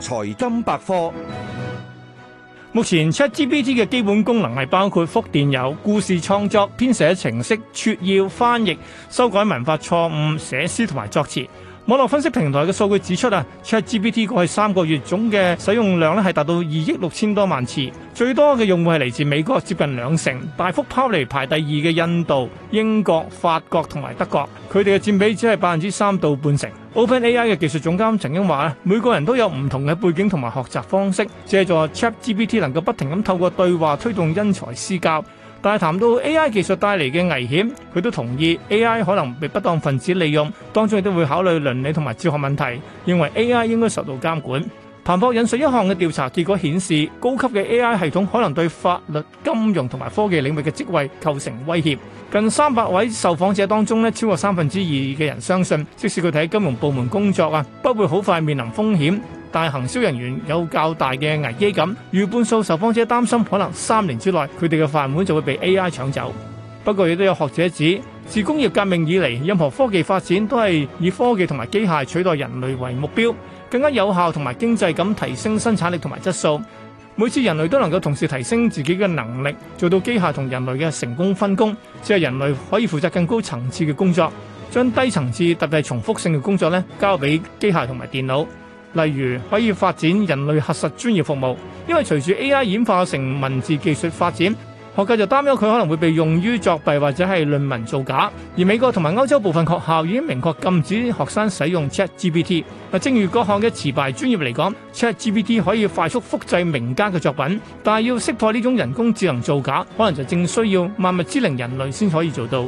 財金百科目前 ChatGPT 嘅基本功能係包括覆電郵、故事創作、編寫程式、摘要、翻譯、修改文法錯誤、寫詩同埋作詞。網絡分析平台嘅數據指出啊，ChatGPT 過去三個月總嘅使用量咧係達到二億六千多萬次，最多嘅用戶係嚟自美國，接近兩成，大幅拋離排第二嘅印度、英國、法國同埋德國，佢哋嘅佔比只係百分之三到半成。OpenAI 嘅技術總監曾經話咧，每個人都有唔同嘅背景同埋學習方式，借助 ChatGPT 能夠不停咁透過對話推動因材施教。但係談到 AI 技術帶嚟嘅危險，佢都同意 AI 可能被不當分子利用，當中亦都會考慮倫理同埋哲學問題，認為 AI 應該受到監管。彭博引述一項嘅調查結果顯示，高級嘅 AI 系統可能對法律、金融同埋科技領域嘅職位構成威脅。近三百位受訪者當中呢，超過三分之二嘅人相信，即使佢哋喺金融部門工作啊，不會好快面臨風險。但係，行銷人員有較大嘅危機感。逾半數受訪者擔心，可能三年之內佢哋嘅飯碗就會被 AI 搶走。不過，亦都有學者指，自工業革命以嚟，任何科技發展都係以科技同埋機械取代人類為目標，更加有效同埋經濟咁提升生產力同埋質素。每次人類都能夠同時提升自己嘅能力，做到機械同人類嘅成功分工，只係人類可以負責更高層次嘅工作，將低層次特別係重複性嘅工作呢，交俾機械同埋電腦。例如可以發展人類核實專業服務，因為隨住 AI 演化成文字技術發展，學界就擔憂佢可能會被用於作弊或者係論文造假。而美國同埋歐洲部分學校已經明確禁止學生使用 ChatGPT。嗱，正如各項嘅詞牌專業嚟講，ChatGPT 可以快速複製名家嘅作品，但係要識破呢種人工智能造假，可能就正需要萬物之靈人類先可以做到。